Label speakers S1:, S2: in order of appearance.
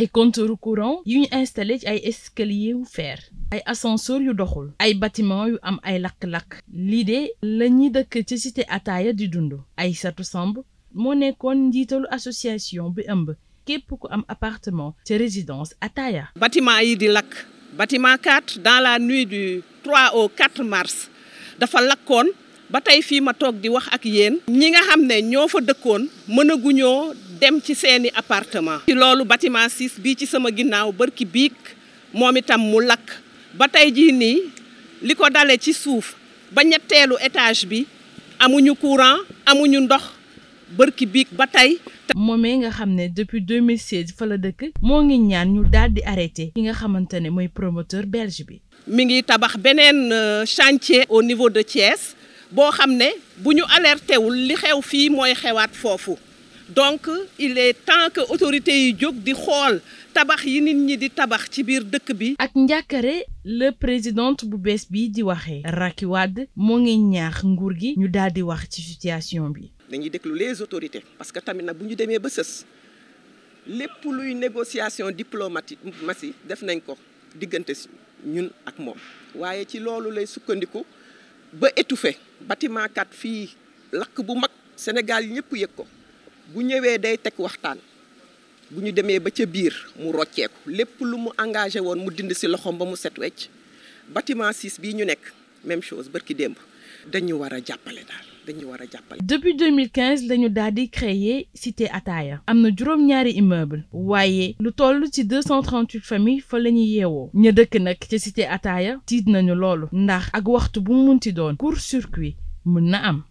S1: ay compteur courant yu ñu installé ci ay escalier wu fer ay ascenseur yu doxul ay bâtiment yu am ay lakk-lakk lii de la ñuy dëkk ci cité ataaya di dund ay satu samb moo nekkoon njiitalu association bi ëmb képp ku am appartement ci résidence ataaya
S2: bâtiment yi di lakk bâtiment 4 dans la nuit du au 4 mars dafa lakkoon ba tey fii ma toog di wax ak yéen ñi nga xam ne ñoo fa dëkkoon mënaguñoo dem ci seeni appartement ci loolu batiment 6 bii ci sama ginnaaw bërki biig moom itam mu lakk ba tey jii nii li ko dale ci suuf ba ñetteelu étage bi amuñu courant amuñu ndox bërki biig ba tey moom moomee nga xam ne depuis
S1: 2016 fa la dëkk moo ngi ñaan ñu daal di arrêté ki nga xamante ne mooy promoteur belge bi
S2: mi ngi tabax beneen euh, chantier au niveau de Thiès boo xam ne bu ñu alerté wul li xew fii mooy xewaat foofu donc il est temps que autorités yi jóg di xool tabax yi nit ñi di tabax ci biir dëkk bi. ak njàkkare le
S1: présidente bu bees bi di waxee. Racky moo ngi ñaax nguur gi. ñu daal di wax ci situation bi.
S3: dañuy déglu les autorités parce que tamit nag bu ñu demee ba sës lépp luy négociation diplomatique masi def nañ ko diggante ñun ak moom waaye ci loolu lay sukkandiku. ba étouffé batiment kat fii lakk bu mag Sénégal ñëpp yëg ko bu ñëwee day teg waxtaan bu ñu demee ba ca biir mu rocceeku lépp lu mu engagé woon mu dind si loxoom ba mu set wecc batiment 6 bii ñu nekk même chose ki démb dañu war a jàppale dañu war a jàppale.
S1: depuis 2015 la ñu daal di créer cité Ataaya. am na juróom-ñaari immeuble waaye lu toll ci 238 familles fa la ñuy yeewoo. ña dëkk nag ca cité Ataaya. tiit nañu loolu. ndax ak waxtu bu mu munti doon. court circuit mën na am.